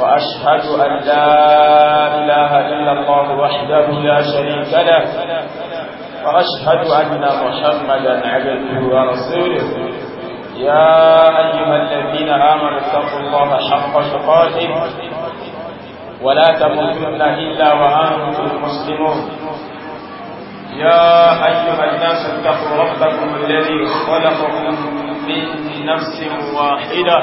وأشهد أن لا إله إلا الله وحده لا شريك له وأشهد أن محمدا عبده ورسوله يا أيها الذين آمنوا اتقوا الله حق تقاته ولا تموتن إلا وأنتم مسلمون يا أيها الناس اتقوا ربكم الذي خلقكم من نفس واحدة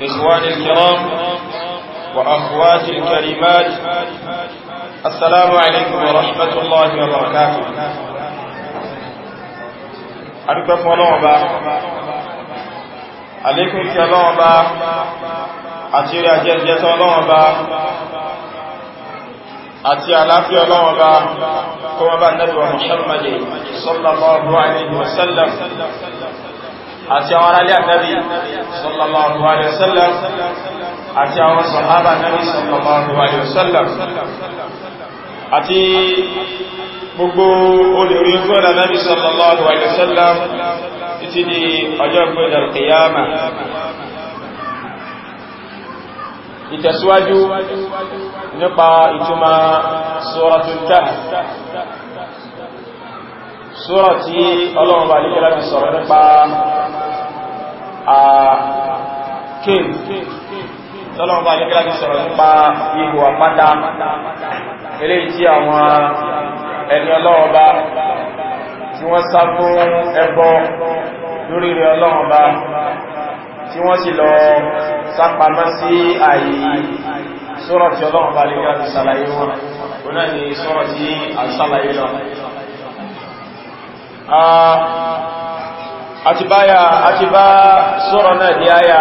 إخواني الكرام وأخواتي الكريمات السلام عليكم ورحمة الله وبركاته أدوك فلوبا عليكم كلوبا أتيري أجل جيسا لوبا àti àlàáfíà ọlọ́wọ́ bá kọmọ bá nẹ́bí wa Muhammad sallallahu alaihi àti àwọn aráyé ànábì sallallahu alaihi wasallam àti àwọn sàhábà ànábì sallallahu alaihi wasallam àti gbogbo olórí ojú ọ̀nà ànábì sallallahu alaihi wasallam títí di ọjọ́ ìgbẹ̀dẹ̀ kìyàmà ìtẹ̀síwájú nípa ìtumọ̀ suratul Kahf sura tí ọlọ́run bá ní kẹ́lá sọ̀rọ̀ nípa kéèkì tọ́lọ́wọ́n bá nígbà ti sọ̀rọ̀ nípa ihò àpáta eléyìí tí àwọn ẹni ọlọ́ọ̀bá tí wọ́n sá fún ẹbọ lórí rẹ̀ ọlọ́ọ̀bá tí wọ́n sì lọ sápamọ́ sí àyè sọ́rọ̀ tí ọlọ́ọ̀bá nígbà ti sàlàyé wọn ó àti báyà àti bá sọ́rọ̀ náà di àyà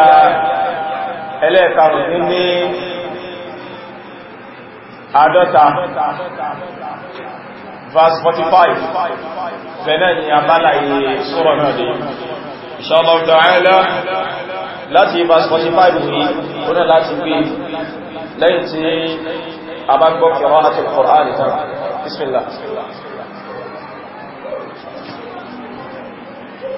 ẹlẹ́ẹ̀karùn ní àádọ́ta verse 45 bẹ̀rẹ̀ ni a bára iye sọ́rọ̀ náà di inshallah ta'ala láti verse 45 ní oná láti gbé lẹ́yìn tí a bá gbọ́ àti Kùránì tán bismillah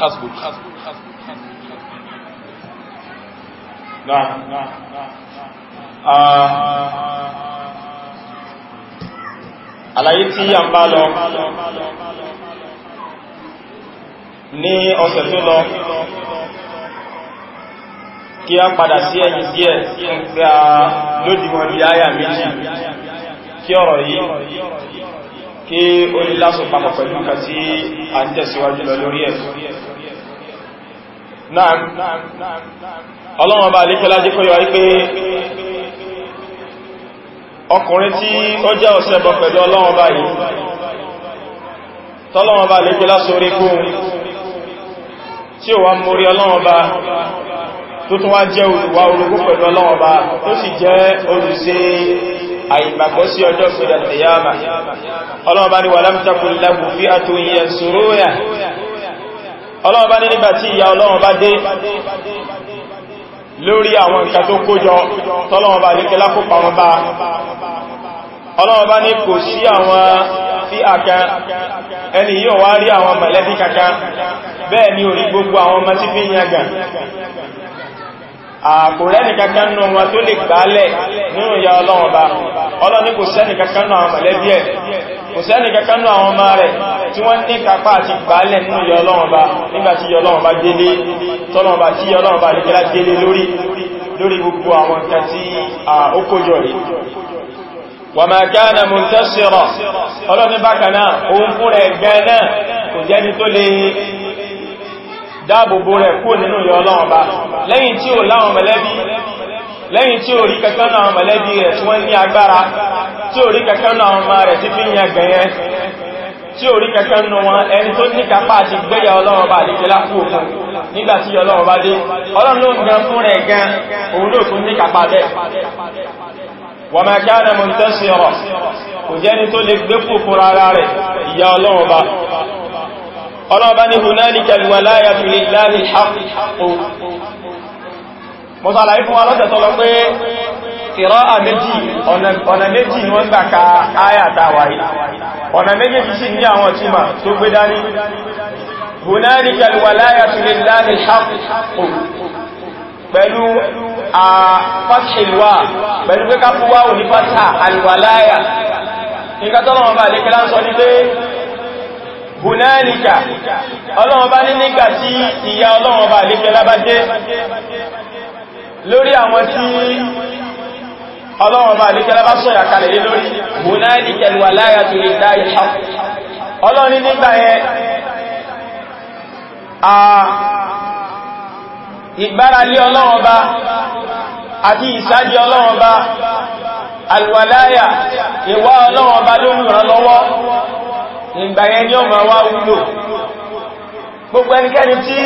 hasbuk ah. àlàyé tí a ń bá lọ ní ọ̀sẹ̀ tó lọ kí a padà sí ẹ̀yìn díẹ̀ tí a lódìmọ̀ di àyà méjì kí ọ̀rọ̀ yìí kí ó ní lásùn papọ̀ pẹ̀lú kà sí à ń tẹ̀síwájú lọ lórí ẹ̀ náà ọlọ́wọ́n bá lékẹ́ lájí kọ́ yọ wípé ọkùnrin tí ó jẹ́ ọ̀ṣẹbọ pẹ̀lú ọlọ́wọ́n bá yìí tọ́lọ́wọ́n bá lékẹ́ lásórí kún tí ó wá mórí ọlọ́wọ́n bá tó tún wá jẹ́ olùwà orogún pẹ̀lú ọlọ́wọ́n bá tó sì jẹ́ olùṣe àìgbàgbọ́ sí ọjọ́ ìpẹ̀lẹ̀ ọlọ́run bá ní nígbà tí ìyà ọlọ́run bá dé lórí àwọn nǹkan tó kójọ tọ́lọ́run bá ní kẹlá kó parun bá ọlọ́run bá ní kò sí àwọn sí àkan ẹni yóò wá rí àwọn mọ̀lẹ́bí kankan bẹ́ẹ̀ ni orí gbogbo àwọn ọmọ fi ń yàgàn àkòrẹ́nì kankan nù wọn tó lè gbálẹ̀ nínú ya ọlọ́ọ̀ba ọlọ́ni kò sẹ́nì kankan nù àwọn mọ̀lẹ́bí ẹ̀ kò sẹ́nì kankan nù àwọn ọmọ rẹ̀ tí wọ́n ní kápá àti gbálẹ̀ nínú ya ọlọ́ọ̀ba nígbàtí ya ọlọ́ọ̀ba délé ya ọlọ́ọ̀ba nìkẹ́lá délé lórí lórí gbogbo àwọn nǹkan tí ó kójọ rí wàmà kánà mùntẹ́sìrọ̀ ọlọ́ni bákanáà òun dáàbòbò rẹ̀ kúrò nínú ìyà Ọlọ́run Ọba lẹ́yìn tí ó láwọn mọ̀lẹ́bí lẹ́yìn tí ó rí kankan náà àwọn mọ̀lẹ́bí rẹ̀ tí wọ́n ní agbára tí ó rí kankan náà àwọn ọmọ rẹ̀ tí fi ń yan gẹ̀yẹn tí ó rí kankan nù wọn ẹni tó ní kápá àti gbẹ́yà Ọlọ́run Ọba àdíkẹ́lá kú òkun nígbà tí Ọlọ́run Ọba dé Ọlọ́run ló ń gan fún rẹ̀ gan òun ló tún ní kápá bẹ́ẹ̀ wọ́n máa kí á nà mọ̀ ní tẹ́sí ọ̀rọ̀ kò jẹ́ni tó lè gbé fòfòrò ara rẹ̀ ìyà Ọlọ́run Ọba ọlọ́ọ̀bá ní hunalika alwalaya lillahi alhaq mo sàlàyé fún wa lọ́sẹ̀ tó lọ pé qira'a méjì ọ̀nà méjì ni wọ́n gbà ka áyàtà wáyé ọ̀nà méjèèjì sí ní àwọn tíma tó gbé dání hunalika alwalaya lillahi alhaq pẹ̀lú a pẹ̀lú pé ká pé hùnáríkà ọlọ́wọ́n bá ní nígbà tí ìyà ọlọ́wọ́n bá lè fẹ́lá bá dé lórí àwọn tí ọlọ́wọ́n bá lè fẹ́lá bá sọ̀yà kalẹ̀ lé lórí hùnáríkà wà láyà tó lè dáyà ọlọ́ni nígbà yẹn ìgbà yẹn ni ó máa wá wúlò gbogbo ẹnikẹ́ni tí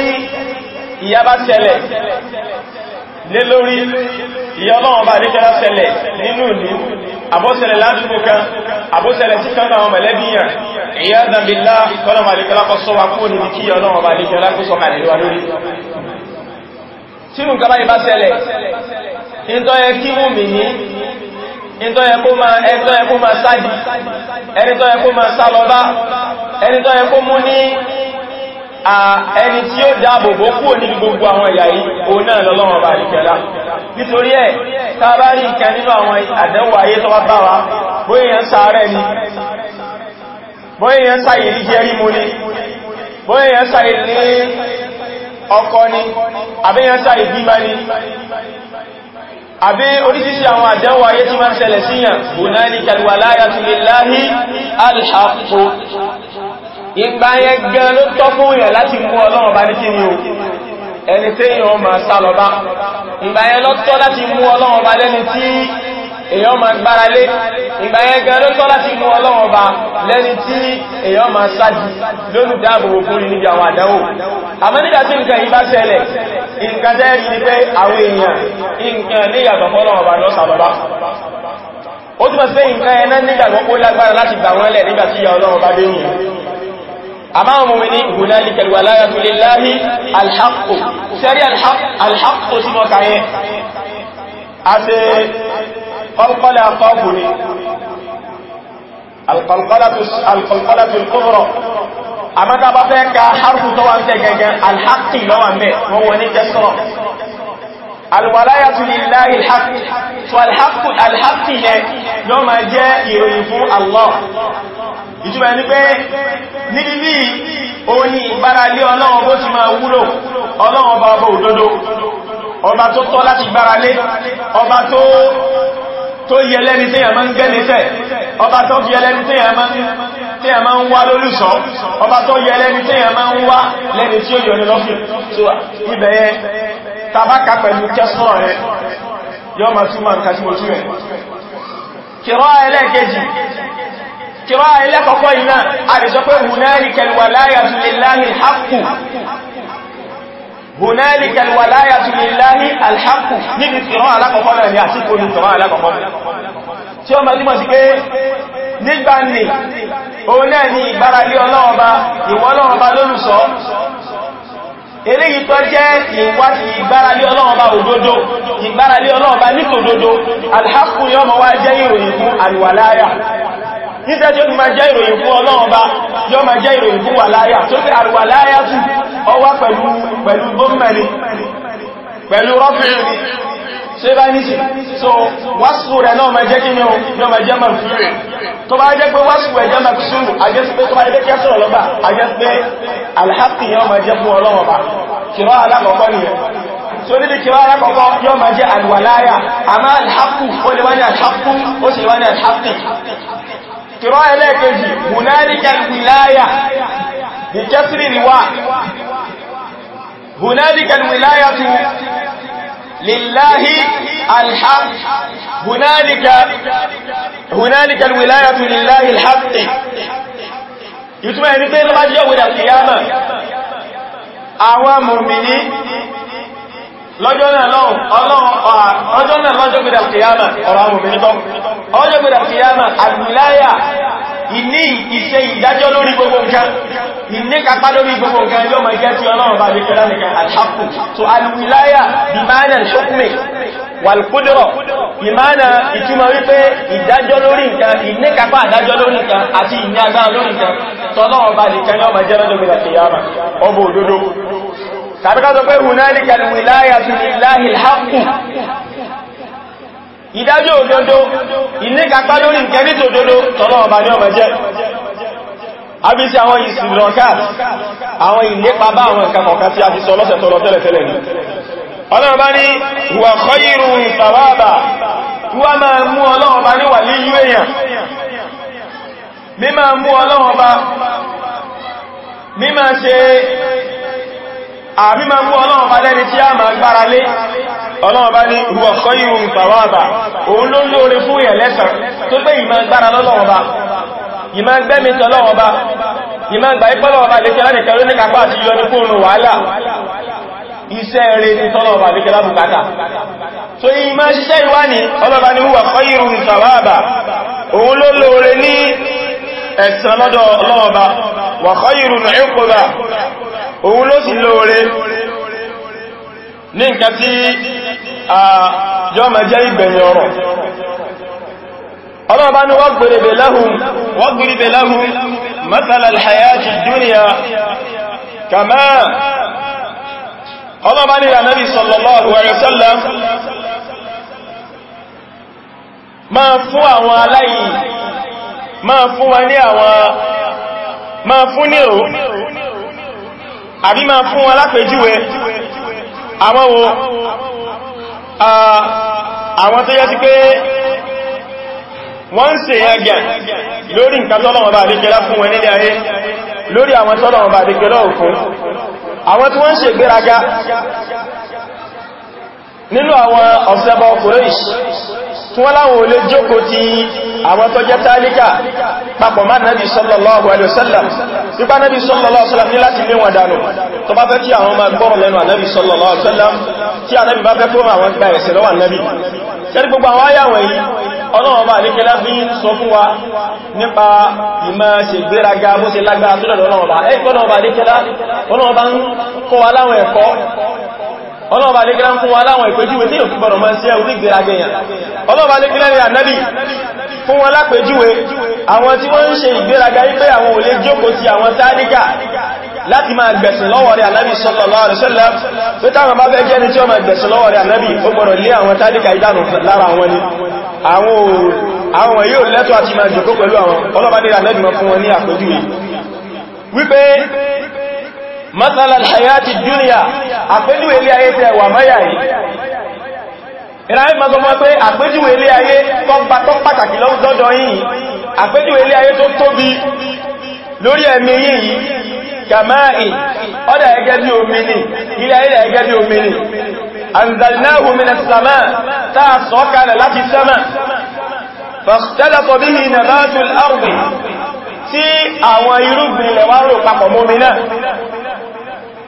ìyà bá ṣẹlẹ̀ lé lórí ìyà ọlọ́run bá nífẹ́lá ṣẹlẹ̀ nínú ìlú àbọ́ṣẹlẹ̀ ládùúgbò kan àbọ́ṣẹlẹ̀ sí kan náà mẹ̀lẹ́bí ìyá zambilla kọ́lọ̀mà àdíkẹ́lá kọ́ sọ wa kúrò níbi kí ọlọ́run bá nífẹ́lá kó sọ kàlẹ̀ wa lórí sínú nǹkan báyìí ẹni tó yẹ kó máa sáàdì ẹni tó yẹ kó máa sálọ́bá ẹni tó yẹ kó mú ní ẹni tí ó dáàbò bó kúrò níbi gbogbo àwọn ẹ̀yà yìí o náà lọ́lọ́wọ́ bá rí kẹ́lá nítorí ẹ̀ tàbárí ìkẹ́ nínú àwọn àdẹ́wò ayé tó bá wá bóyẹ̀ ń sàárẹ̀ ni bóyẹ̀ ń sàyè ní jẹ́rí mú ni bóyẹ̀ ń sàyè ní ọkọ ni àbíyẹ̀ ń sàyè bímá ni àbí oríṣiríṣi àwọn àdánwò ayé tí máa ń ṣẹlẹ̀ síyàn hunalika alwalayatu lillahi alhaqqu ìgbà yẹn gan ló tọ́ fún yàn láti mú ọlọ́run bá ní kíni o ẹni tí yàn máa sálọ bá ìgbà yẹn ló láti mú ọlọ́run bá lẹ́ni tí èyàn ma gbára lé ìgbà yẹn gan ló tọ́ láti mú ọlọ́wọ́ bá lẹ́ni tí èyàn ma sáàjì lónú dáàbòbò fún ní níbi àwọn àdánwò àmọ́ nígbà tí nǹkan yìí bá ṣẹlẹ̀ nǹkan tẹ́rì ní pé àwọn èèyàn nǹkan ní ìyàtọ̀ fọ́lọ́wọ́ bá lọ́sàbàbá ó túnmọ̀ sí nǹkan ẹ̀nà sẹ́rí alhaqqu sí mọ́kàyẹ àti kọlkọlẹ̀ àkọ́kù ni alkọlkọlẹ̀ kúrọ̀ àmọ́ta bá fẹ́ ka harfù tó wà ń tẹ gẹ́gẹ́ alhaqi lọ́wà mẹ́ wọ́n wọ́n ní jẹ́sọ́rọ̀ alwalayatu lillahi alhaq so alhaqu alhaqi yẹ ló ma jẹ́ ìròyìn fún allah ìtumọ̀ ní pé níbi bí òun ni lé ọlọ́wọ́ bó ti máa wúlò ọlọ́wọ́ bá bó òdodo ọba tó tọ́ láti gbára lé ọba tó tó yẹ lẹ́ni tí ẹ̀mọ́ ń gẹ́ni tẹ́ ọba tó yẹ lẹ́ni tí ẹ̀mọ́ ń wá lólùsọ́ ọba tó yẹ lẹ́ni tí ẹ̀mọ́ ń wá lẹ́ni tí ó yọ ní lọ́fí tó ibẹ̀yẹ tabaka pẹ̀lú kẹsàn rẹ̀ yọ ma túnmà ń kàtí mojú rẹ̀ kìrọ́ ẹlẹ́kẹjì kìrọ́ ẹlẹ́kọ̀ọ́kọ́ iná àdìsọ́pẹ́ hùnáríkẹ̀lwàláyàtù lillahi haqqu هنالك الولاية لله الحق níbi ìran alákọ̀ọ́kọ́ rẹ̀ ni àsìkò ní ìran alákọ̀ọ́kọ́ rẹ̀ tí ó mẹ́lúmọ̀ sí pé nígbà ní òun náà ni ìgbáralé ọlọ́ọba ìwọ ọlọ́ọba lólùsọ́ eléyìí tó jẹ́ ìgbáralé ọlọ́ọba òdodo ìgbáralé ọlọ́ọba nítòdodo alhaqu yọ́mọ wá jẹ́ ìròyìn fún alwalaya nítorí ó máa jẹ́ ìròyìn fún ọlọ́run bá yóò máa jẹ́ ìròyìn fún wàláyà tó fẹ́ àrùwàláyà tù ọwá pẹ̀lú pẹ̀lú gómìnà pẹ̀lú rọ́fìnrin ṣe bá ní sí so wásù rẹ̀ náà máa jẹ́ kí ní o yóò máa jẹ́ mọ̀rún fúrẹ̀ tó bá jẹ́ pé wásù rẹ̀ jẹ́ mọ̀rún fúrẹ̀ àjẹ́sípé tó bá jẹ́ kẹ́sọ̀rọ̀ lọ́gbà àjẹ́sípé alhassi kìrọ́ alákọ̀ọ́kọ́ nìyẹn so níbi kí wára kọ̀kọ́ yóò máa jẹ́ alwàláyà àmá alhakku ó lè wá ní alhakku ó sì lè wá ní alhakki kìrọ ẹlẹ́ẹ̀kejì hunalika alwilaya bi kasri riwa hunalika alwilaya tu lillahi alhaq hunalika hunalika alwilaya tu lillahi alhaq ìtumẹ̀ ní pé lọ́bá jẹ́ kìyàmà àwọn mùmìnì lọ́jọ́ náà lọ́hùn ọjọ́ náà lọ́jọ́ gbẹ̀dà kìyàmà ọ̀rọ̀ àwọn obìnrin tọ́ ọjọ́ gbẹ̀dà kìyàmà àgbìláyà ìní iṣẹ́ ìdájọ́ lórí gbogbo nǹkan ìní kápá lórí gbogbo nǹkan yóò máa jẹ́ tí ọlọ́run bá so alùwìláyà ìmáànà ṣókùnmẹ̀ wàlùkúdọ̀rọ̀ ìmáànà ìtumọ̀ wípé ìdájọ́ lórí nǹkan ìní kápá àdájọ́ lórí nǹkan àti ìní agbára lórí nǹkan tọ́lọ́run bá lè kẹ́lá ọmọ tàbí ká sọ pé hunalika alwilayatu lillahi alhaq ìdájọ́ òdodo ìníkàpá lórí ìkẹ́ ní tòdodo tọ́lọ́ ọba ní ọmọ jẹ́ àbí sí àwọn ìsìnrọ̀ká àwọn ìlépa bá àwọn ǹkan kọ̀ọ̀kan tí a ti sọ lọ́sẹ̀ tọ́lọ tẹ́lẹ̀tẹ́lẹ̀ ní ọlọ́run bá ní wà kọ́yìrù ìsàwábà wà máa mú ọlọ́run bá ní wà ṣe àbí ma mú ọlọ́run bá lẹ́ni tí a máa gbára lé ọlọ́run bá ní huwa khayrun thawaba òun ló lóore fún yẹ̀ lẹ́sàn tó pé ìmá gbára lọ́lọ́run bá ìmá gbẹ́mi tọ́lọ́run bá iṣẹ́ rẹ̀ ní tọ́lọ́run bá lékẹ́ lábùkátà so ìmá ṣiṣẹ́ ìwá ní ọlọ́run bá ní huwa khayrun thawaba òun ló lóore ní ẹ̀sàn lọ́dọ̀ ọlọ́run bá wa khayrun 'uqba òun ló sì lóore ní nǹkan tí a yọ ma jẹ́ ìgbẹ̀yìn ọ̀rọ̀ ọlọ́ọ̀bá ní wọ́gbìrìbẹ̀ lahum wọ́gbìrìbẹ̀ lahum mathala al-hayati ad-dunya kàmá ọlọ́ọ̀bá ní Ànábì sallallahu alaihi wasallam máa àbí máa fún wọn lápèjúwe àwọn wo àwọn tó yẹ sí pé wọ́n ń ṣe ẹgbẹ̀ lórí nǹkan tọ́lọ̀wọ̀n bá àdékẹ́lá fún wọn nílé ayé lórí àwọn tọ́lọ̀wọ̀n bá àdékẹ́lá òfin àwọn tí wọ́n ń ṣe ìgbéraga nínú àwọn ọ̀sẹ̀bọ̀ Quraysh tí wọ́n láwọn olè jókòó ti àwọn tó jẹ́ tálíkà papọ̀ má nàbí sallallahu alaihi wasallam pípa nàbí sallallahu alaihi wasallam ní láti lé wọn dànù tó bá fẹ́ kí àwọn sallallahu alaihi wasallam tí ànàbí bá fẹ́ kúrò àwọn gba ẹ̀sẹ̀ lọ́wọ́ ànàbí sẹ́rí gbogbo àwọn ayáwọ̀ yìí ọlọ́wọ́n bá níkẹ́lá fi sọ fún wa nípa ìmọ̀ ṣe gbéraga bó ṣe lágbára tó lọ́wọ́ bá ẹ̀kọ́ náà bá níkẹ́lá ọlọ́wọ́ bá ń kọ́ aláwọ̀ ẹ̀kọ́ ọlọ́ọ̀bá lẹ́gbẹ́lá ń fún wa láwọn ìpèjúwe tí yóò fi gbọ́nà máa ń sí ẹ̀wù ní ìgbèragẹ̀yàn ọlọ́ọ̀bá lẹ́gbẹ́lá ní ànábì fún wọn lápèjúwe àwọn tí wọ́n ń ṣe ìgbéraga wípé àwọn ò jókòó ti àwọn tálíkà láti máa gbẹ̀sùn lọ́wọ́ rẹ̀ ànábì sallallahu alaihi wasallam pé táwọn bá fẹ́ jẹ́ ní tí ó máa gbẹ̀sùn lọ́wọ́ rẹ̀ ànábì ó gbọ́dọ̀ lé àwọn tálíkà ìdánù lára wọn ni àwọn yóò lẹ́tọ̀ọ́ àti máa jókòó pẹ̀lú àwọn ọlọ́bá nílà lẹ́bìmọ̀ fún wọn ní àpèjúwe wípé mathalan hayati dunya àpéjú ilé ayé tẹ wà mẹ́yà yìí ìrànlẹ́ ma sọmọ pé àpéjú ilé ayé tọ́gbà tó pàtàkì lọ́dọ̀ yìí àpéjú ilé ayé tó tóbi lórí ẹ̀mí yìí kàmáì ọ́dà ẹgẹ́ bí omi ni ilé ayé ẹgẹ́ bí omi ni anzalnahu minas sama táà sọ́kalẹ̀ láti sama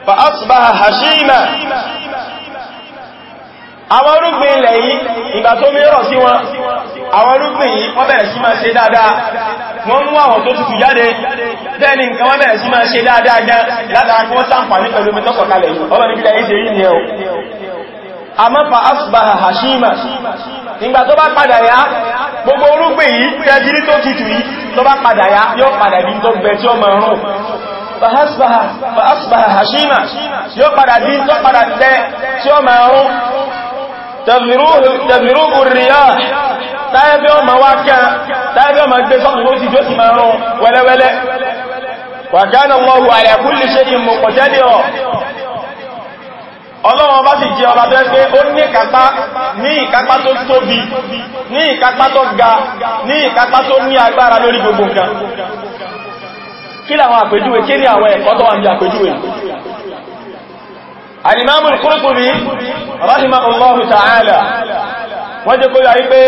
fa'asbaha hashima àwọn arúgbìn ilẹ̀ yìí ìgbà tó mẹ́rọ̀ sí wọn àwọn arúgbìn yìí wọ́n bẹ̀rẹ̀ sí máa ṣe dáadáa wọ́n mú àwọn tó tutù jáde bẹ́ẹ̀ni nǹkan wọ́n bẹ̀rẹ̀ sí máa ṣe dáadáa gan látara kí ní ni fa tó gbogbo yi fàásùbáhà hashima yóò padà dín tó padà tẹ́ tí ó máa rún tẹ̀bìrú òrìyà táyẹ́bẹ́ ọmọ wá kẹ́ táyẹ́bẹ́ ọmọ gbé sọ́kùnrin ó ti jó sì máa rún wẹ́lẹ́wẹ́lẹ́ wàkánà wọ́n wà rẹ̀ kú lè ṣe ìmọ̀ pọ̀jẹ́lẹ̀ ọ̀ ọlọ́wọ́n bá sì jẹ́ ọba tó pé ó ní ìkápá ní ìkápá tó tóbi ní ìkápá tó ga ní ìkápá tó ní agbára lórí gbogbo nǹkan kí làwọn àpèjúwe kí ní àwọn ẹ̀kọ́ tó wà ní àpèjúwe alìmáàmù Qurtubi rahimahullahu ta'ala wọ́n jẹ́ kó yà wípé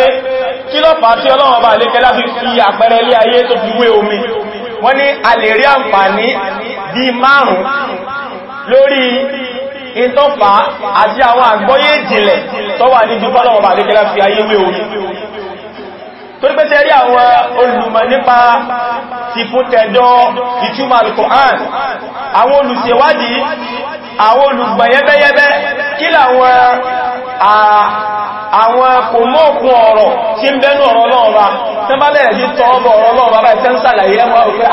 kí ló fà tí Ọlọ́run bá lékẹ́ láti fi àpẹẹrẹ ilé ayé tó fi wé omi wọ́n ní a lè bí márùn lórí ìtọ́fà àti àwọn àgbọ́yé ìjìnlẹ̀ tó ní bí bá lékẹ́ fi ayé wé omi torí pé tẹ́rí àwọn olùmọ̀ nípa ti fún tẹ́jọ ìtumọ̀ al-Qur'an àwọn olùṣèwádìí àwọn olùgbọ̀nyẹ́bẹ́yẹ́bẹ́ kí làwọn àwọn kò mọ́kún ọ̀rọ̀ tí ń bẹ́nu ọ̀rọ̀ lọ́ọ̀rọ̀ tẹ́ bá bẹ̀rẹ̀ sí tọ́ ọ̀rọ̀ lọ́ọ̀rọ̀ bá bá ìtẹ́ ń sàlàyé ẹwà òfin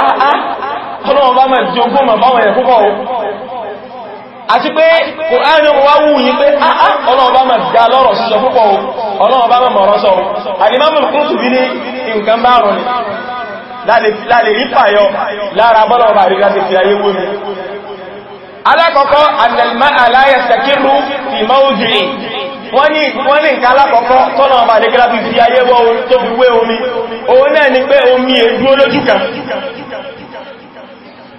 àti pé kòránì wá wù yí pé ah, ah, ọlọ́run bá máa dá lọ́rọ̀ sísọ púpọ̀ ọlọ́run bá máa mọ̀rọ̀ sọ alìmọ́mù kún tù bí ní nǹkan bá rùn láàrẹ ìfàyọ lára bọ́lọ̀ọ̀bà rí láti fi ayé wó mi alákọ̀ọ́kọ́ àdàlmá aláyẹsẹ̀kírù fi mọ́ùdìí wọ́n ní nǹkan alákọ̀ọ́kọ́ tọ́nà ọba lè gíra omi òun náà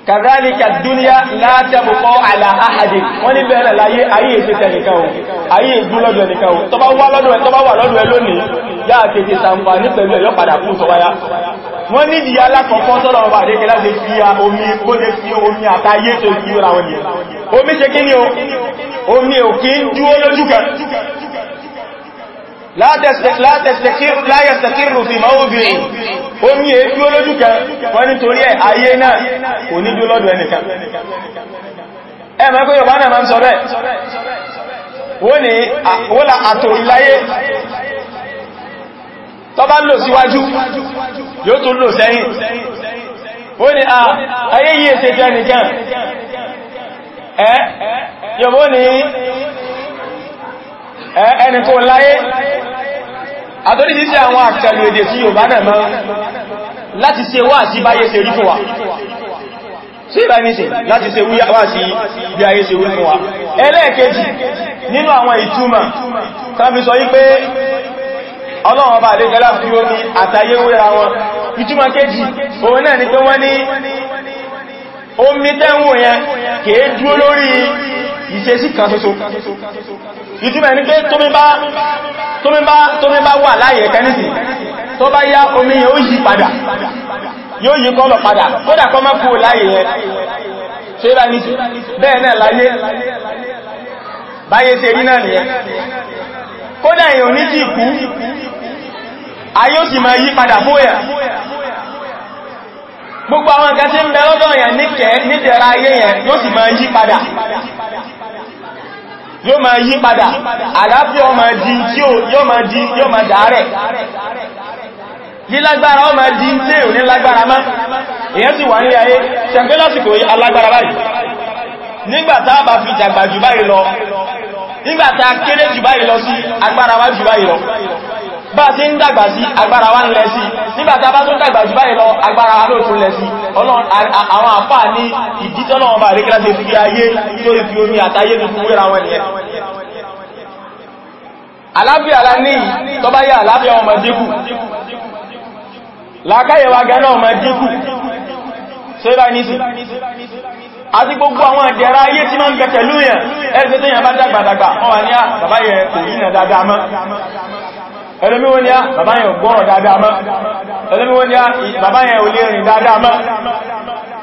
kàdálíkà dúníà látẹ̀bùkọ́ àlàáhàdì wọ́n ní bẹ̀rẹ̀ láyé ayé ìṣẹ́tẹ̀ nìkan o ayé ìgbúlọ́dọ̀ nìkan o tọba wà lọ́dọ̀ ẹ̀ tọba wà lọ́dọ̀ ẹ lónìí láàkejì sàǹfà ní pẹ̀lú ẹ̀yọ́ padà kú sọwáyá wọ́n ní ìdíyà alákọ̀ọ́kọ́ tọ́lọ̀ ọba àdékẹ́ láti fi omi kó lè omi àtayé tó omi ṣe o omi ò kí ń dúó la yastakiru fi mawdu'i ó ní èébí olójú kan wọ́n nítorí ẹ̀ ayé náà kò ní dúró lọ́dọ̀ ẹnìkan ẹ mọ̀ pé Yorùbá náà máa ń sọ bẹ́ẹ̀ wọ́n ni wọ́n la àtò ìláyé tó bá lò síwájú yóò tún lò sẹ́yìn wọ́n ni ayé yìí ètè jẹ́ nìkan ẹ́ yọ̀bọ́ ni ẹni tó láyé àtórí ní sí àwọn àṣàlù èdè tí yóò bá náà mọ́ láti ṣe wá sí báyé ṣe rí fún wa sí ìbá ní ṣe láti ṣe wá sí bí ayé ṣe rí fún wa ẹlẹ́ẹ̀kejì nínú àwọn ìtumọ̀ tàbí sọ wípé ọlọ́wọ́n bá lè gẹ́lá fún yóò ní àtàyéwéra wọn ìtumọ̀ kejì ìṣesí kan ṣoṣo ìtumẹ̀ ní pé tómi bá wà láyé kẹ́nìsì tó bá yá omi yẹn ó yí padà yóò yí kọ́lọ̀ padà kódà kọ́ mọ́ kú láyé yẹn ṣe bá ní bẹ́ẹ̀ náà láyé báyé ṣe rí náà nìyẹn kódà èèyàn ní ti kú ayé ó sì máa yí padà bóyà gbogbo àwọn nǹkan tí ń bẹ lọ́dọ̀ yẹn níkẹ̀ẹ́ nídẹ̀ra ayé yẹn yóò sì máa yí padà yóò máa yí padà àlàáfíà ọmọ di tí ó yóò máa di yóò máa dàárẹ̀ lílágbára ọmọ di tí ò ní lágbára má èyàn sì wà nílé ayé ṣẹ̀gbẹ́ lásìkò alágbára báyìí nígbàtá bá fi dàgbà jù báyìí lọ nígbàtá kéré jù báyìí lọ sí agbára wá jù báyìí lọ bá ti ń dàgbà sí agbára wa ń lẹ sí nígbàtà bá tún dàgbà jù báyìí lọ agbára wa ló tún lẹ sí àwọn àfà ní ìdítọ́nà ọba àríkẹ́lá ti fi ayé tó fi omi àtayé tuntun wéra wọn nìyẹn àlábíà lá ní tó bá yá àlábíà ọmọ dínkù làkáyẹ̀ wa gẹ́nà ọmọ dínkù tó ibá ní sí àti gbogbo àwọn ìdẹ̀ra ayé tí máa ń gẹ̀ pẹ̀lú yẹn ẹgbẹ́ tó yẹn bá dàgbàdàgbà wọ́n wà ní àbáyẹ̀ kò yí nà dáadáa mọ́ ẹlẹ́mí wọ́n ni á bàbá yẹn gbọ́rọ̀ dáadáa mọ́ ẹlẹ́mí wọ́n ni á bàbá yẹn ò lè rìn dáadáa mọ́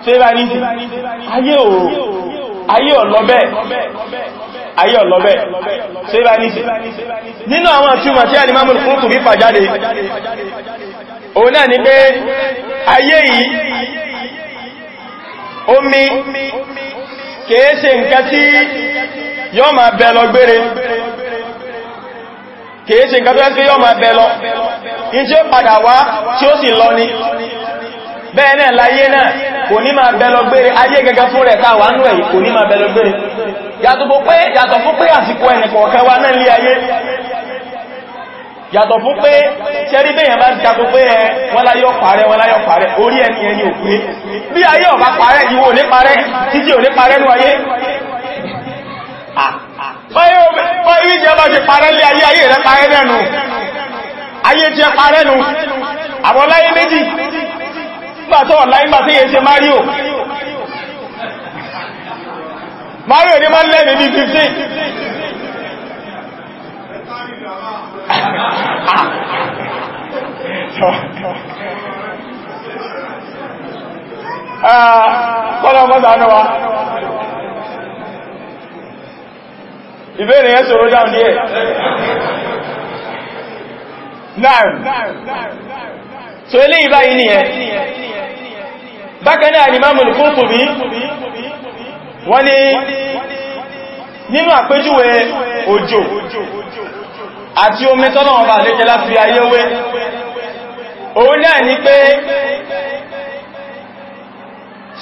ṣe bá ní ayé ọ̀lọ́bẹ̀ ayé ọ̀lọ́bẹ̀ ṣe bá ní nínú àwọn àtúmọ̀ tí àdìmá mú fún tùbí fàjáde òun náà ni pé ayé yìí omi kèése nǹkan tí yọ́ ma bẹ̀ lọ gbére kìí ṣe nǹkan tó ẹ́sí yọ́ máa bẹ lọ in tí ó padà wá tí ó sì lọ ni bẹ́ẹ̀ náà láyé náà kò ní máa bẹ lọ gbére ayé gẹ́gẹ́ fún rẹ̀ káà wà nú ẹ̀yí kò ní máa bẹ lọ gbére yàtọ̀ fún pé àsìkò ẹnìkọ̀ọ̀kan wá náà lé ayé yàtọ̀ báyé jẹ́ bá ti parẹ́ lé ayé ayé rẹ̀ parẹ́ nẹ́nu ayé jẹ́ parẹ́ nù àwọn láyé méjì gbàtọ̀ láyé gbàtí yẹ ṣe mario mario ní máa ah, lẹ́ni ní 15 Kọ́lọ̀ mọ́sànánà wa, ìbéèrè yẹn ṣòro dáun díẹ̀ náà so ilé ìbáyìí ni ẹ bákanáà Imamul Qurtubi wọ́n ni nínú àpéjúwe òjò àti omi tọ́nà ọba àlejẹ́lá fi ayéwé òun náà ni pé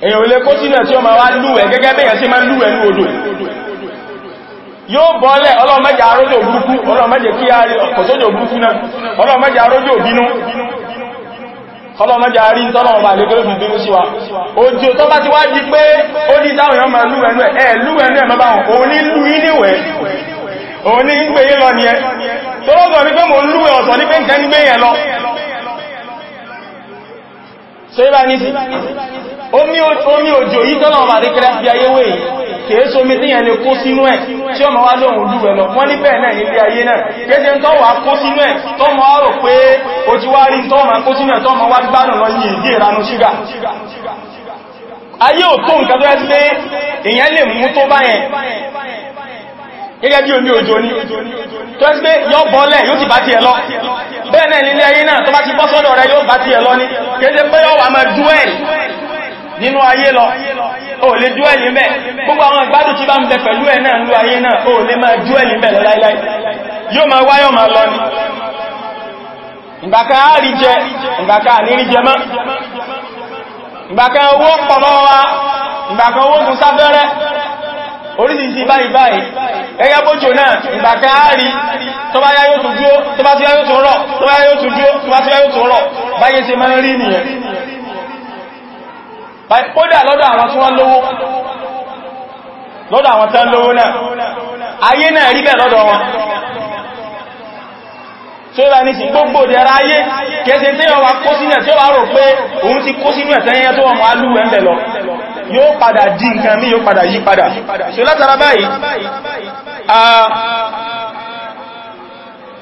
èyàn ole kó sínú ẹ̀ tí ó ma wá lúwẹ̀ gẹ́gẹ́ bí èyàn sí ma lúwẹ̀ ní odò yóò bọ́ọ̀lẹ̀ ọlọ́mẹ́jà arójò burúkú ọlọ́mẹ́jẹ kí a rí ọ̀kọ̀sójò burúkú náà ọlọ́mẹ́jà arójò bínú ọlọ́mẹ́jà rí tọ́lọ́mọba àlégọ́lò fi bínú sí wa di pé ó ní ma ṣe bá ní sí omi òjò yí tọ́nà ọmọ àdékẹ́lá fi ayé wé kèéso omi tí yẹn lè kó sínú ẹ̀ tí ọmọ wá lóhun lúwẹ̀ lọ wọ́n ní bẹ́ẹ̀ náà ilé ayé náà kéde ń tọ́wà kó sínú ẹ̀ tọ́mọ wá pé o wá rí tọ́mọ gẹ́gẹ́ bí omi òjò ní tó ń gbé yọ bọ́lẹ̀ yóò ti bá ti ẹ̀ lọ bẹ́ẹ̀ náà nílé ayé náà tó bá ti bọ́ sọ́dọ̀ rẹ yóò bá ti ẹ̀ lọ ní kéde pé yọ wà máa dúẹ́l nínú ayé lọ o lè dúẹ́l mẹ́ gbogbo àwọn ìgbádùn tí bá ń bẹ pẹ̀lú ẹ̀ náà nínú ayé náà o lè máa dúẹ́l mẹ́ lọ láíláí yóò máa wáyọ̀ máa lọ ní ìgbàkan àárí jẹ ìgbàkan ànírí jẹ mọ́ ìgbàkan owó pọ̀ wa ìgbàkan owó gùn sábẹ́rẹ́ orísìí báyìí báyìí ẹgbẹ́ bójò náà ìgbàkan àárí tó bá yáyó tó dúó tó bá tí yáyó tó rọ̀ tó bá yáyó tó dúó tó bá tí yáyó tó rọ̀ báyé ṣe máa ń rí nìyẹn kódà lọ́dọ̀ àwọn tí wọ́n lówó lọ́dọ̀ àwọn tán lówó náà ayé náà rí bẹ́ẹ̀ lọ́dọ̀ wọn tí ó bá ní sí gbogbo ìdẹ̀ra ayé kẹsẹ̀ tí ó wà kó sínú ẹ̀ tí ó wà rò pé òun ti kó sínú ẹ̀ tẹ́yẹ tó wọ́n mọ́ alúwẹ̀ ń bẹ̀ lọ yóò padà di nǹkan mí yóò padà yí padà so látara báyìí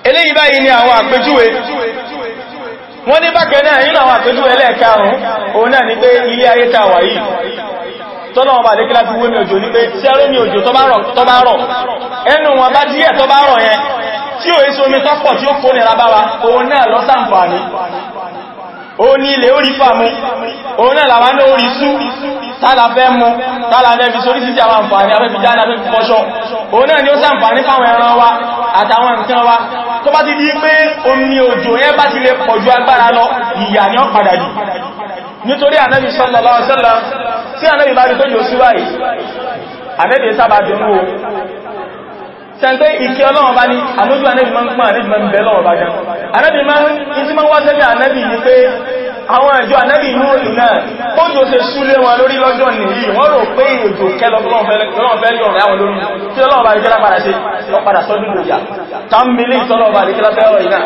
eléyìí báyìí ni àwọn àpèjúwe wọ́n ní bákẹ̀ náà nínú àwọn àpèjúwe ẹlẹ́ẹ̀kárùn òun náà ni pé ilé ayé ta wà yìí tọ́lọ́ ọba àdékílá fi wé mi òjò ní pé tí ẹrẹ́ mi òjò tó bá rọ̀ ẹnu wọn bá díẹ̀ tó bá rọ̀ yẹn tí ò èso omi tọ́pọ̀ tí ó kó nira bá wa òun náà ó ní ilé orí fàmú òun náà làwọn náà orí sú tààlà fẹ́ mú tààlà lẹ́bí sórí sí àwọn àǹfààní afẹ́bí jáàlá fẹ́ fọ́ṣọ́ òun náà ni ó sàǹfààní fáwọn ẹran wa àtàwọn nǹkan wa tó bá ti di pé omi òjò ẹ bá ti lè pọ̀jú agbára lọ ìyà ni ó padà jù nítorí ànábì sallallahu alaihi wasallam tí ànábì bá rí tó jò síwáyìí ànábì sábà dùn tẹ́ntẹ́ ìkẹ́ ọlọ́run bá ní àmójú anẹ́bì máa ń pán anẹ́bì máa ń bẹ lọ́wọ́ bá gan anẹ́bì máa ń tí máa ń wá sẹ́bẹ̀ anẹ́bì ní pé àwọn ẹ̀jọ́ anẹ́bì inú òlù náà kójò ṣe súlé wọn lórí lọ́jọ́ nìyí wọ́n rò pé èjò kẹ́lọ ọlọ́run fẹ́ yọ̀rẹ̀ àwọn lórí tí ọlọ́run bá rí kẹ́lá padà ṣe lọ padà sọ́dún lòyà tán mílí ìtọ́lọ́run bá rí kẹ́lá fẹ́ ọ̀rọ̀ ìnáà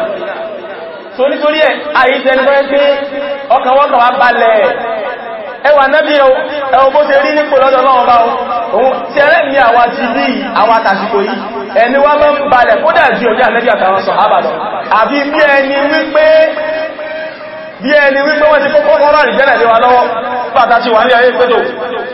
so nítorí ẹ̀ ẹwà náàbí ẹwọ bó ṣe rí nípò lọ́dọ̀ ọlọ́run bá ohun tí ẹrẹ́ àwọn àti bí àwọn àtàsìkò yìí ẹni wá mọ́ ń balẹ̀ kódà jí ojú ànẹ́bí àtàwọn sọ̀hábà lọ àbí bí ẹni wípé bí ẹni wípé wọ́n ti kọ́kọ́ rọrọ̀ ìjẹ́lẹ̀ lé wa lọ́wọ́ pàtàkì wà ní ayé pẹ́tò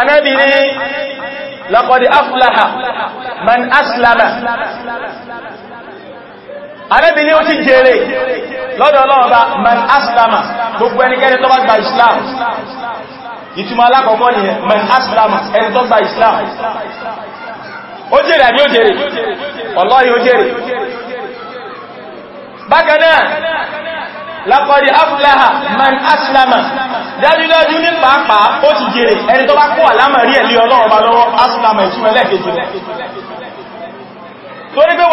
anábi ní laqad aflaha man aslama anábi ní ó ti jèrè lọ́dọ̀ ọlọ́ọ̀bá man aslama gbogbo ẹnikẹ́ni tó bá gba islam ìtumọ̀ alákọ̀ọ́kọ́ ni man aslama ẹni tó gba islam ó jèrè àbí ó jèrè wallahi lápọ̀dì afúláhà man aslama dájúdájú ní pàápàá ó ti jèrè ẹni tó bá kó àlámà rí ẹ̀lẹ́ ọlọ́run bá lọ́wọ́ aslama ìtumẹ̀ lẹ́ẹ̀kejì torí pé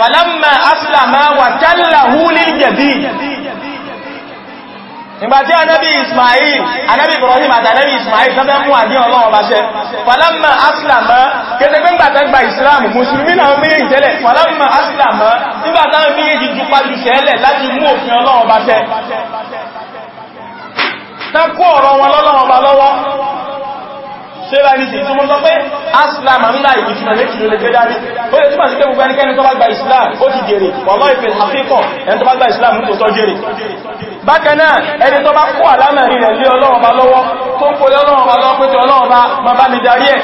wàlámà aslama wàtálàhú lil jadid nígbàtí anábì ismail anábì ibrahim àtànábì ismail tọ́bẹ̀ mú àdí ọlọ́wọ́ bá ṣẹ́ falamma aslama kẹsẹ̀gbẹ́ gbàtẹ́ gba islam musulmi náà méjì tẹ́lẹ̀ falamma aslama nígbàtá méjì jùpájú sẹ́lẹ̀ láti mú òfin ọlọ́wọ́ bá ṣẹ́ ṣe bá ní sí ìtumọ̀ sọ pé aslam àmìlà ìtumọ̀ méjì ló lè gbé dání ó lè túnmọ̀ sí pé gbogbo ẹnikẹ́ni tó bá gba islam ó ti jèrè wọ́n ìfẹ́ àfíkọ̀ ẹni tó bá gba islam tó tọ́ jèrè bákan náà ẹni tó bá kó àlámẹ̀ rí rẹ̀ lé ọlọ́run bá lọ́wọ́ tó ń polé ọlọ́run bá lọ́wọ́ pé tí ọlọ́run bá ma bá mi darí ẹ̀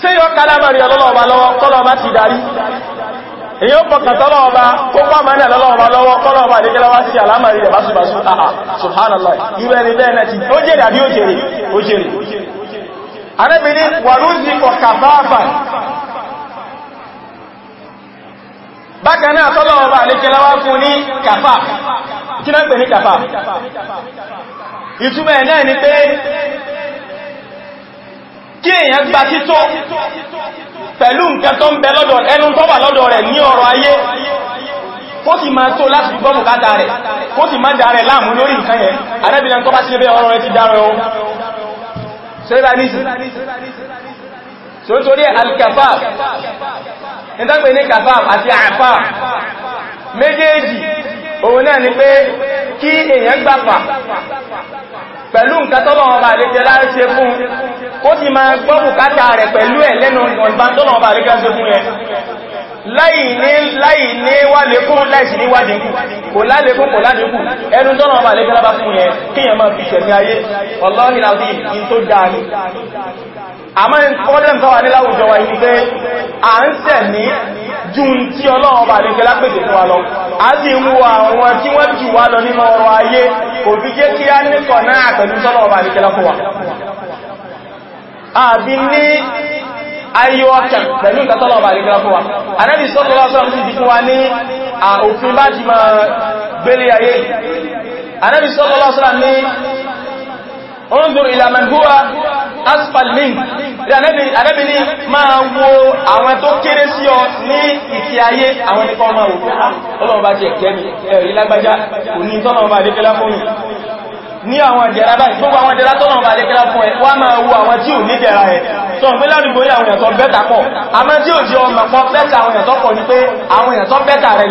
tí yọ kálámẹ̀ rí ọlọ́run bá lọ́wọ́ tọ́lọ́run bá ti darí èyí ó pọ̀kàn tọ́lọ́run bá ó pọ̀ ní arẹ́bìnrin wàrúzì ọ̀kàfáàfà bákanáà tọ́lọ̀ ọba àlékẹ́láwá fún ní kàfà kí náà pè ní kàfà ìtumẹ̀ náà ni pé kí èyàn gba títọ́ pẹ̀lú nǹkan tó ń bẹ lọ́dọ̀ ẹnu tó wà lọ́dọ̀ rẹ̀ ní ọ̀rọ̀ ayé kó sì máa tó láti gbọ́mù kátà rẹ̀ kó sì máa dà rẹ̀ láàmú lórí nǹkan yẹn arẹ́bìnrin tó bá sílẹ̀ ọ̀rọ̀ rẹ̀ ti dárẹ̀ ohun sẹ́rà nìsí so torí alkafaf ìtàgbé ní kafaf àti àfaf méjèèjì òun náà ni pé kí èyàn gbàfà pẹ̀lú nǹkan tọ́lọ̀wọ̀n bá lè jẹlá ṣe fún ó ti máa gbọ́ bùkátà rẹ̀ pẹ̀lú ẹ̀ lẹ́nu ọ̀gbọ̀n tọ́lọ̀wọ̀n bá lè jẹ́ fún ẹ̀ láì ní wà lékún láìsí ní wádìíkù kò lálékún kò ládìíkù ẹnu tọ́nà ọmọ àlékún lábá fún yẹn kíyàn máa fi ṣẹ̀sí ayé ọlọ́hìláàbí in tó dáa ní àmọ́ problem tọ́wà ní láwùjọ wa ní pé à ń sẹ̀ ní jù tí ọlọ́run ọba àlékẹ́ lápèdè fún wa lọ a sì ń wo àwọn tí wọ́n jù wá lọ nínú ọrọ̀ ayé kò fi jẹ́ kí a ní kọ̀ náà pẹ̀lú tọ́lọ̀ ọba àlékẹ́ lápò wa àbí ní ayé ọkàn pẹ̀lú ìkàtọ́lọ̀ ọba àríkẹ́lá fún wa anábì sọ́tọ́lá sọ́rọ̀ sí ti fún wa ní òfin bá jí máa gbélé ayé anábì sọ́tọ́lá sọ́rọ̀ ní unzur ila man huwa asfal mink anábì ní máa wo àwọn tó kéré sí ọ ní ìkí ayé àwọn nìkan máa wò fún ah, ọlọ́ọ̀bá ti ẹ̀kẹ́ mi ẹ̀rí lágbájá kò ní tọ́lọ̀ ní àwọn ìdẹ̀ra báyìí gbogbo àwọn ìdẹ̀ra tọ́nà bá lékẹ́lá fún ẹ wá máa wo àwọn tí ò ní dẹ̀ra ẹ̀ tó ń pé ládùgbò ní àwọn ìyàtọ̀ bẹ́ta pọ̀ a máa tí ò jẹ́ ọmọ pọ̀ bẹ́ta àwọn ìyàtọ̀ pọ̀ ní pé àwọn ìyàtọ̀ bẹ́ta rẹ̀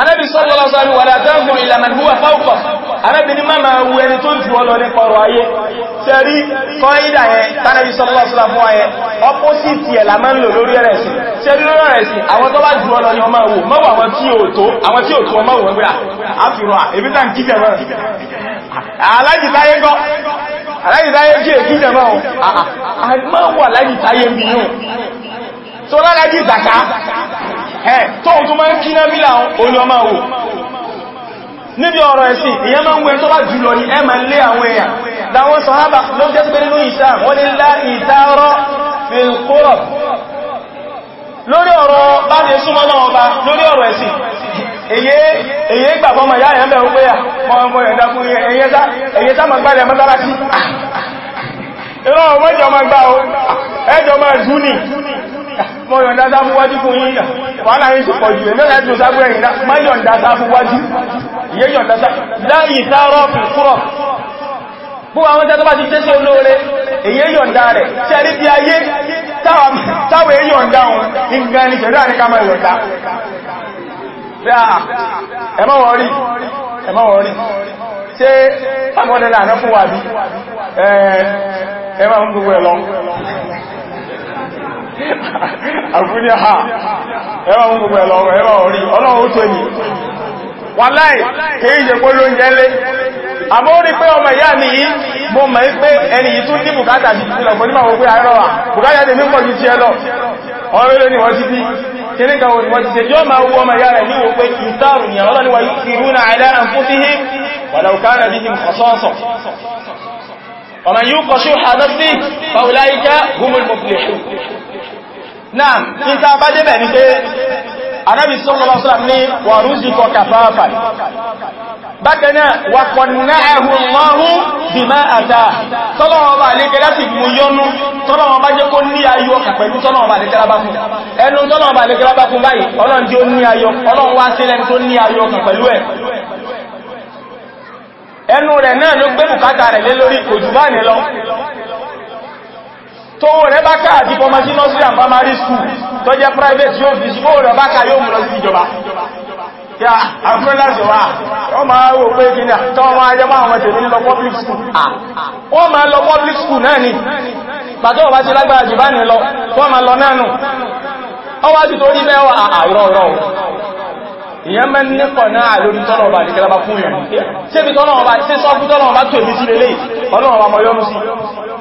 anábì sọ́lọ́lọ́ sọ́lọ́ wà látọ́gùn ìlànàbí wà fáwọ́kọ̀ anábì ní máa wu ẹni tó jù ọlọ ní kọrọ ayé tẹ́rí kọ́ídà yẹn tánàbí sọ́lọ́lọ́ sọ́lọ́ fún ayẹ ọpọ́sìtì ẹ̀ la máa ń lò lórí ẹ̀rẹ̀sìn tẹ́rí lórí ẹ̀rẹ̀sìn àwọn tó bá jù ọlọ ni ọmọ wò mọ́wọ́ àwọn tí ò tó àwọn tí ò tó ọmọ wò gbé àfihàn ah, èmi tàn kí jẹ mọ́ alájìtáyé gọ́ alájìtáyé kí èkí jẹ mọ́ àmọ́ ah, ah, wà alájìtáyé bí yóò tó lára jí zàká ẹ̀ tó tó máa ń kí náà bílá olóọmọ wò níbi ọ̀rọ̀ ẹ̀sìn ìyẹn máa ń wẹ́ tó bá jùlọ ní ẹ máa lé àwọn èèyàn dáwọn sọ̀hábà ló jẹ́ pé nínú ìsá wọ́n lè lá ìtàrọ́ fìlkúrọ̀ lórí ọ̀rọ̀ bá lè súnmọ́ náà ọba lórí ọ̀rọ̀ ẹ̀sìn èyí gbàgbọ́ ma yáyẹ̀ mẹ́ wípé à ọmọ ẹ̀dàkùn èyí sá ma gbálẹ̀ mọ́tàlásí ìrọ̀ ọmọ ìjọ ma gbá o ẹjọ ma jù ní mọ́ yọ̀ǹda sáfúwájú fún yí wàhálà yìí sí pọ̀jù ẹ̀mẹ́rẹ̀ ẹ̀dùn sáfúwá yìí má yọ̀ǹda sáfúwájú yẹ́ yọ̀ǹda sáfúwájú bó àwọn tẹ́ tó bá ti tẹ́ sí a rí bí ayé táwẹ̀ yọ̀ǹda gbogbo àfúní ha ẹwà mú gbogbo ẹ̀lọ ẹwà orí ọlọ́run tó ní wàláì kìí jẹ pé ló ń jẹ́lé àmọ́ orí pé ọmọ ìyá mi yìí mo mọ̀ pé ẹni yìí tún ní bùkátà ti ti lọ pẹ̀lú àwọn pé àárọ̀ wà bùkátà ti ní pọ̀ ju ti ẹ lọ ọ̀rọ̀ ló ní wọ́n ti bí kíní kan wọ́n ومن يوق شح فأولئك هم المفلحون náà ní ta bá débẹ̀ ní pé anábi sallallahu alaihi wasallam ní wà rúzìkọ kàfàáfà bákanáà wà kọ̀nà ẹ̀hùn lọ́rún bí máa àtà tọ́lọ́wọ́ bá lè kẹ́lá sì mú yọnú tọ́lọ́wọ́ bá jẹ́ kó ní ayọ́ pẹ̀lú tọ́lọ́wọ́ bá lè kẹ́lá bá fún ẹnu tọ́lọ́wọ́ bá lè kẹ́lá bá fún báyìí ọlọ́run tí rẹ̀ náà ló gbé bùkátà rẹ̀ lé lórí kò jù tó rẹ̀ bá káà di fọmọ sí and primary school tó jẹ́ private yóò fi ṣíkó rẹ̀ bá káà yóò mú lọ sí ìjọba kí a fún láti wá wọ́n máa wò pé kí ní àtọ́ wọn public school wọ́n máa lọ public school náà ni lọ ìyẹn nípọ̀ náà tọ́nà ọba tọ́nà ọba sọ́kú tọ́nà ọba tó sí ọba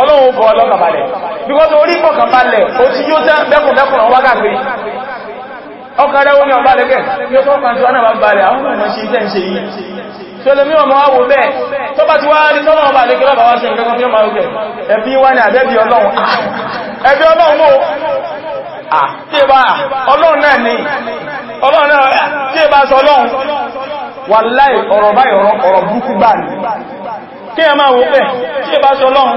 ọlọ́run fọ́ ọlọ́kàn balẹ̀ because orí pọ̀kàn balẹ̀ ó ti yóò dẹ́kùndẹ́kùn ọwá káàkiri ọkà rẹ̀ omi ọba lẹ́gẹ̀ yóò tó kàn tí wọ́n náà bá balẹ̀ àwọn ọmọ ṣe iṣẹ́ ìṣe yìí tí ó lè mímọ̀ máa wò bẹ́ẹ̀ tó bá ti wá rí tọ́lọ̀ ọba lẹ́gẹ̀ lọ́bàá wá sí nǹkan kan tí ó máa rúkẹ̀ ẹbí wá ní àbẹ́bí ọlọ́run ah! ẹbí ọlọ́run mọ́ ah! tí ẹ bá ọlọ́run náà ní ọlọ́run náà ọ̀rọ̀ báyìí ọ̀rọ̀ burúkú gbà ní kí ẹ máa wò pẹ́ tí ẹ bá sọ ọlọ́run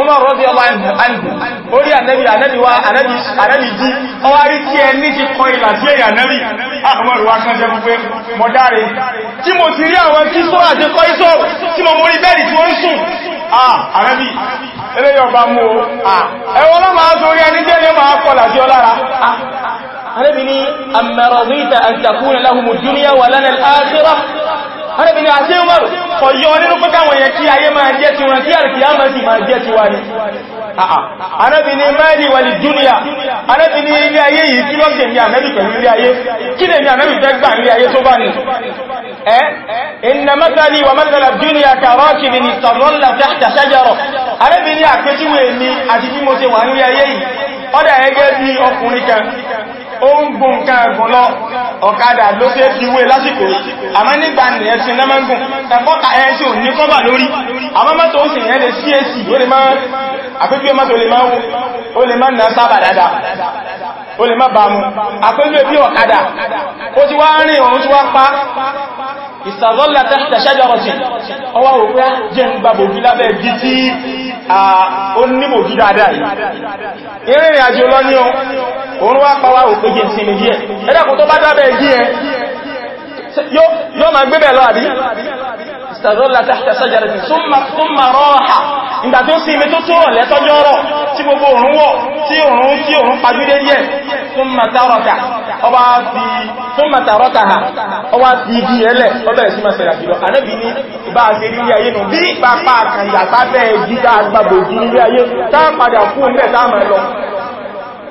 Umar radiyallahu anhu orí ànẹ́bì ànẹ́bì wá ànẹ́bì jí ọwá rí tí ẹ ní ti kọ ìlà sí èyà ànẹ́bì àmọ́rùwá ah, kan jẹ́ púpẹ́ mọ̀dáre tí mo ti rí àwọn tí sọ́rọ̀ àti kọ́ ìṣọ́ tí mo mórí bẹ́ẹ̀dì tí wọ́n sùn ah, ànẹ́bì eléyọ̀ bá mú ah, ẹwọ́n máa torí ẹni jẹ́ ní máa kọlà sí arábìnrin àmàrọ̀díta àtàkùnrin láhùmù dúníyà wà lánàl áṣírá arábìnrin àti umaru kọ̀yọ́ nínú pé káwọn èèyàn kí ayé máa jẹ́ ti wọn kí alkiyama sì máa jẹ́ ti wá ní arábìnrin máàlì wà lè dúníyà arábìnrin ilé ayé yìí kí lọ́gbẹ̀ ọdá ẹgẹ́ bí ọkùnrin kan ó ń gùn nǹkan ẹ̀gùn lọ ọ̀kadà ló fẹ́ fi wé lásìkò àmọ́ nígbà nìyẹn ti lẹ́mọ́ gùn ẹ̀kọ́kà ẹ̀yẹn tí ò ní kọ́bà lórí àmọ́ mọ́tò ó sì yẹn lè sí èsì ó lè máa àpépé mọ́tò lè máa ó lè máa nà sábà dáadáa ó lè má bá mú àpépé bí ọ̀kadà ó ti wá rìn òun ti wá pa ìsàzọ́lá tẹ́sítẹ̀ ṣẹ́jọ́rọ̀sìn ọwá o òun wá pàwà òpéjì ìsinmi díẹ̀ ẹ̀dàkùn tó bá dábẹ̀ igi ẹ yóò ma gbé bẹ̀ lọ àbí ìsàdọ́lá tàṣà sájára ti súnmà rọ́ọ̀hà ìgbà tó sí imi tó tó ọ̀lẹ́ tọ́jọ́ rọ̀ tí gbogbo òun wọ̀ tí ha ọba fi igi ẹlẹ̀ ọbẹ̀ sí máa sẹ̀rà jùlọ àrẹ́bì ní ìbá àti ilé ayé nù bí pápá àkànyà tábẹ̀ gíga agbábòjì ilé ayé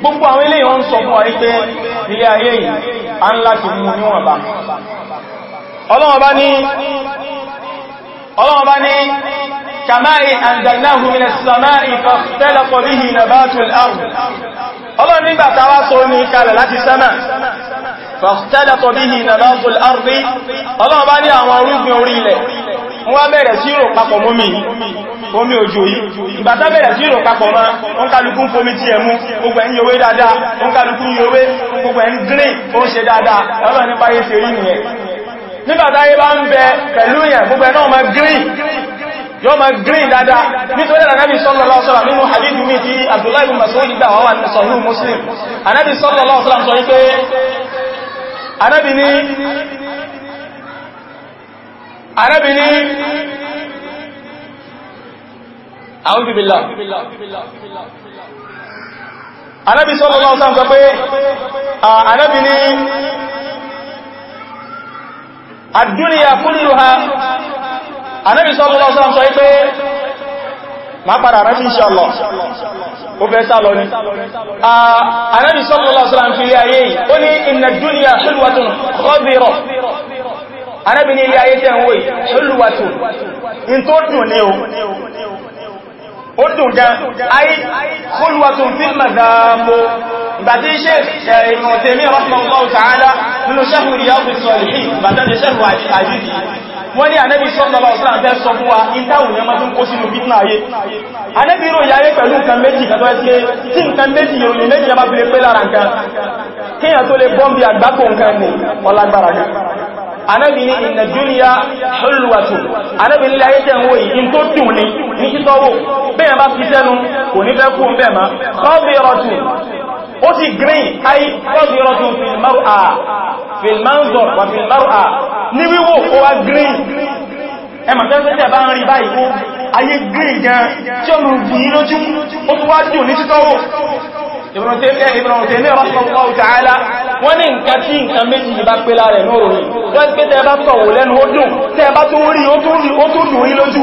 gbogbo àwọn ilé ìwọ̀n sọ fún àrí pé ilé ayé yìí a ń láti mú níwọ̀n bá ọlọ́wọ̀n bá ní kàmáì àndàláhù mílẹ̀ sàmáì fàstẹ́lẹ̀kọ̀ bí i nàbátù al'arù ní kalẹ̀ láti sánà fàstẹ́lẹ̀kọ̀ bí i nàbátù bá ní àwọn wọ́n bẹ̀rẹ̀ sí rò papọ̀ mọ́ mi omi òjò yìí ìgbàtà bẹ̀rẹ̀ sí rò papọ̀ ma ń kálukú ń fomi tí ẹ gbogbo ẹ̀yìn yòwé dáadáa ń kálukú yòwé gbogbo ẹ̀yìn green ó ń ṣe dáadáa ọlọ́ nípa yé ti rí nìyẹn nígbàtà yé bá ń bẹ pẹ̀lú yẹn gbogbo ẹ̀ green yóò ma green dáadáa nítorí ànábì sallallahu alaihi wasallam nínú hadith mi tí Abdullahi ibn Mas'ud Muslim ànábì sallallahu alaihi wasallam sọ wípé ànábì Ànábì ní a'udhu billah Ànábì sallallahu alaihi wasallam sọ pé Ànábì ní ad-dunya kulluha Ànábì sallallahu alaihi wasallam sọ pé ma padà rẹ̀ insha Allah ó fẹ́ sá lọ ní Ànábì sallallahu alaihi wasallam fi ayé ó ní inna ad arábìnrin ilé ayé tẹ́ ń wòye olùwàtò in tó dùn ní o ó dùn gan ayé olùwàtò fil mazamo ìgbàtí iṣẹ́ ìmọ̀tẹ̀mí rahimahullahu ta'ala nínú sẹ́fù ríyàwó sọ̀rọ̀ ìgbàtí sẹ́fù àjíjì wọ́n ní ànẹ́bí sọ́lọ́lọ́ ọ̀sán àbẹ́ sọ fún wa ìtàwùn yẹn mọ́tún kó sínú fitna ayé ànẹ́bí rò yáyé pẹ̀lú nǹkan méjì kàtọ́ ẹ́sẹ́ tí nǹkan méjì ìròyìn méjì yẹn bá fi lè pé anábi ní ìnà dúníyà hulwatu anábi ní ayé jẹ́ ìwò yìí tó dùn ní ní títọ́wò bẹ́ẹ̀ bá fi sẹ́nu kò ní fẹ́ kú ń bẹ́ẹ̀ ma kọ́bìrọ̀tù ó sì green ayi kọ́bìrọ̀tù filmar'a filmanzor wa filmar'a ní wíwò ó wá green ẹmà tẹ́sẹ̀tẹ̀ bá ń rí báyìí ayé green gan tí ó mú yìí Ibn Taymiyyah rahimahullahu ta'ala wọ́n ní nǹkan tí nǹkan méjì bá pé láàrẹ̀ náà rí tó ń pé tẹ́ bá tọ̀wò lẹ́nu ó dùn tẹ́ bá tó rí ó tún dùn rí lójú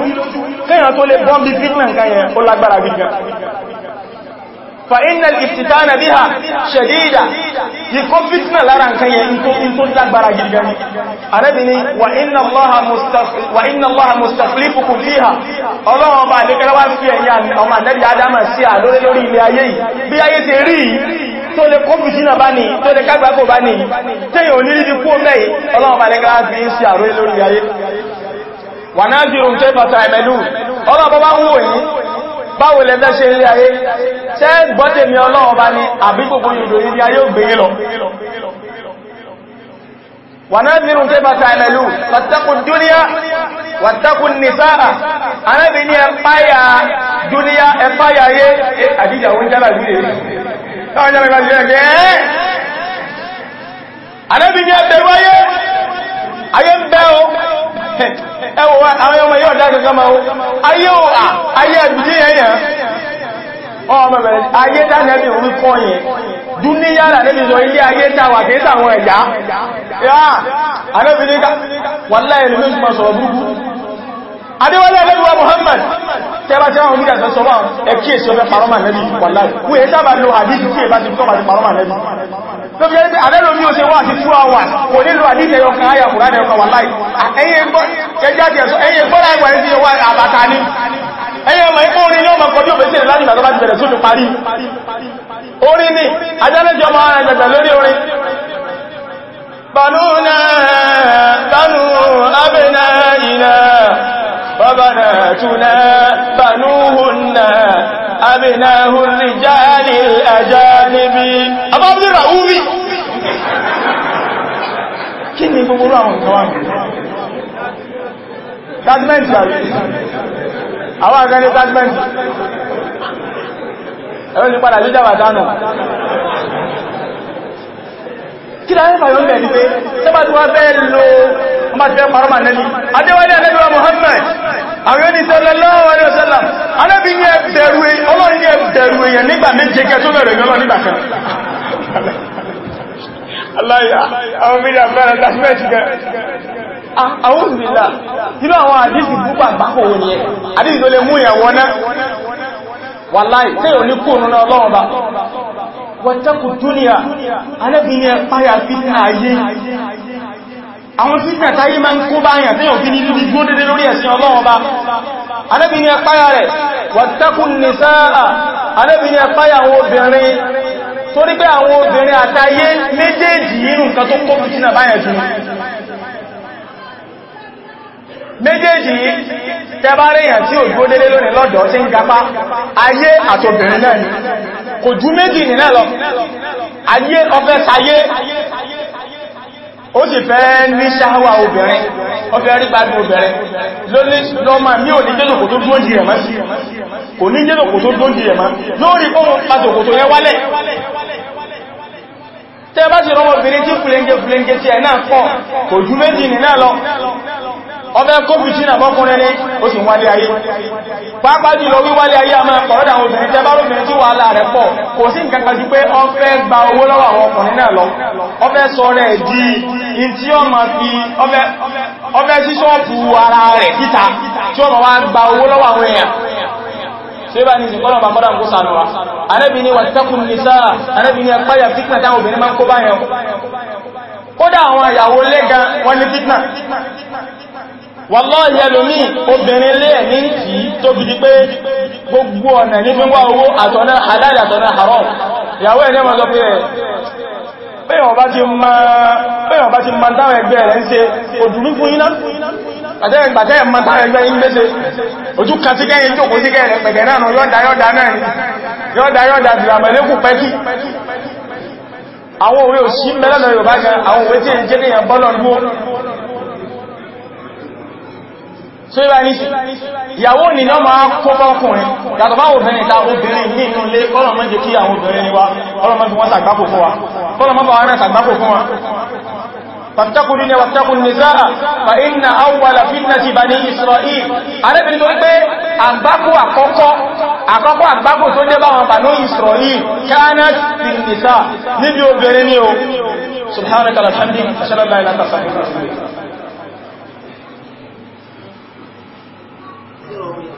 kéèyàn tó lè bọ́m̀bí fitna nǹkan yẹn ó lágbára gidi fa'inna ìfìtánà bí ha ṣadida ikọ́ fitna lára nǹkan yẹ in tó lágbára gidgari arẹ́bì ni wa inna allaha mustaqlifuku fiha ọlọ́wọ́n bá lẹ́kẹ́rẹ́ wá fi ẹ̀yà ọmọ anẹ́bì adama sí à lórí lórí ilé ayé bí ayé ti rí tó lè kó fìtínà bá ní tó lè kágbàkò bá ní tẹ́yìn onírídí kú mẹ́yìn ọlọ́wọ́n bá lẹ́kẹ́rẹ́ fi ń sí à lórí báwo lẹ́fẹ́ ṣe ilé ayé ṣẹ́ gbọ́dẹ̀ mi ọlọ́run bá ní àbí gbogbo yòdò ilé ayé ò gbèrè lọ wànádìrú tẹ́ bá tàìmẹ̀lú wàtàkùn dúníà wàtàkùn nìsáà anábì ní ẹ̀páyà dúníà ẹ̀páyà ayé àdíjà oúnjẹ́ láàrín ẹwọ àwọn ọmọ yóò dá kankan máa ayé ò ayé ẹ̀dùjẹ́ ẹ̀yàn ọmọ bẹ̀rẹ̀ ayé dánẹ́bì orí kọ́ yẹn dúníyàrá níbi sọ ilé ayé tàwà kìí tàwọn ẹ̀yà àrẹ́bìnrin wà láyé ní mẹ́sùn máa sọ̀rọ̀ burúkú adéwọlé ẹlẹ́gbẹ̀wà Muhammad tẹ́bá tẹ́wà onígbà sọ́sọ́wà ẹ̀kí èsì ọmọ parọ́mà lẹ́bí wà láyé wọ́n èé sábà lo àdíjì tí èbá ti kọ́ tó bí ẹgbẹ́ àrẹ́lò ní oṣe wá sí 2 hours kò nílò àdíkẹ̀ yọ kan àyà kùránì ọkọ̀ wà láì ẹyẹ gbọ́ra ẹgbà ẹ̀sí ní ẹyẹ ọmọ ni ajálẹ́jọ ọmọ ara ẹgbẹ̀gbẹ̀ lórí Banuna banu abnaina wa banatuna أبناه الرجال الأجانب أبا عبد الرؤوفي kí ni gbogbo àwọn ìkọwàá tagmenti àrí àwọn àgbẹ́ni tagmenti ẹ̀rọ ti padà jíjàwà dánù kí ni ayé fàyọ́ mẹ́rin pé tẹ́bà tí wọ́n fẹ́ lo ọmọ ti fẹ́ parọ́mà nẹ́ni adéwálé ẹ̀lẹ́gbẹ̀wà Muhammad Ànábì ní ẹbẹ̀rù ọlọ́rin ní ẹbẹ̀rù èèyàn nígbà méje kẹ tó bẹ̀rẹ̀ ìgbọ́lọ́ nígbà kan. Aláyà, àwọn mídí àfẹ́rẹ̀ tàbí Àwọn òbìlà, nínú àwọn àdíjì púpà bákò wọn ni ẹ, àdíjì tó lè mú ìyàwó náà, wà láì, tí ò ní máa ń kó báyàn tí fi ní lórí ẹ̀sìn Ànábì ní ẹ̀páyà rẹ̀ wàtàkùn nìsáà Ànábì ní ẹ̀páyà àwọn obìnrin torí pé àwọn obìnrin àtayé méjèèjì nínú nǹkan tó kó fìtínà báyẹ̀ jù méjèèjì yìí tẹbá ríyàn tí ò dúó délé lónìí lọ́dọ̀ tí ń gapá ayé àtòbìnrin náà ni kò jú méjì nìna lọ ayé ọfẹ́ sayé o sì fẹ́ ní ṣáwà obìnrin ó fẹ́ rí gbádùn obìnrin lórí lọ́mà mí ò ní jẹ́lòkò tó dúnjì rẹ̀ mọ́ kò ní jẹ́lòkò tó dúnjì rẹ̀ mọ́ lórí kọ́mù pàtòkò tó yẹn wálẹ̀ tẹ́ bá ti rọ́mọbìnrin tí fúlẹ́ńgẹ́ fúlẹ́ńgẹ́ tí ẹ̀ náà ọmọ ẹkọ́ fi sínà bọ́kúnrin ní ó sì wálé ayé pàápàá jùlọ wíwálé ayé àmọ́ ẹ̀kọ̀rọ̀dà àwọn obìnrin tẹ́ bá lóbìnrin tí wà láà rẹ̀ pọ̀ kò sí nǹkan kan pé ó fẹ́ gba owó lọ́wọ́ ọkùnrin náà lọ di in tí ó ma fi ó fẹ́ sí ṣọ́ọ̀pù ara rẹ̀ síta tí ó ma wá ni sin kọ́nà bàbára ń kó sànúwá anábi ni wàtàkùn nìsá anábi ni ẹ̀páyà fitna táwọn obìnrin máa ń kó báyẹ̀ kódà àwọn àyàwó lẹ́gan wọ́n ní fitna wàláhì ẹlòmí obìnrin lé ẹ̀ní tí tó fi jí pé gbogbo ọ̀nà ní fún wá owó àtọ̀nà halal àtọ̀nà haram ìyàwó ẹ̀ lẹ́mọ̀ sọ pé ọba pẹ́yàn bá ti ma dáwọn ẹgbẹ́ rẹ̀ ń na, òdúrú fún iná àtẹ́yìn ma dáwọn ẹgbẹ́ ń ojú sí kẹ́yìn sí náà so ibá ní sí ìyàwó ní náà máa kó fọ́kùnrin yàtọ̀ bá obìnrin ìta obìnrin ní inú ilé ọlọ́mọ́ jẹ́ kí àwọn obìnrin ni wá ọlọ́mọ́ bí wọ́n sàgbákò fún wa ọlọ́mọ́ bá wọ́n sàgbákò fún wa فاتقوا لنا واتقوا النساء فإن أول فتنة بني إسرائيل أنا بني تقول بي أباكو أكوكو أكوكو أباكو تقول بي بني إسرائيل كانت في النساء نبيو برنيو سبحانك الحمد أشهد أن لا إله إلا أنت Pelo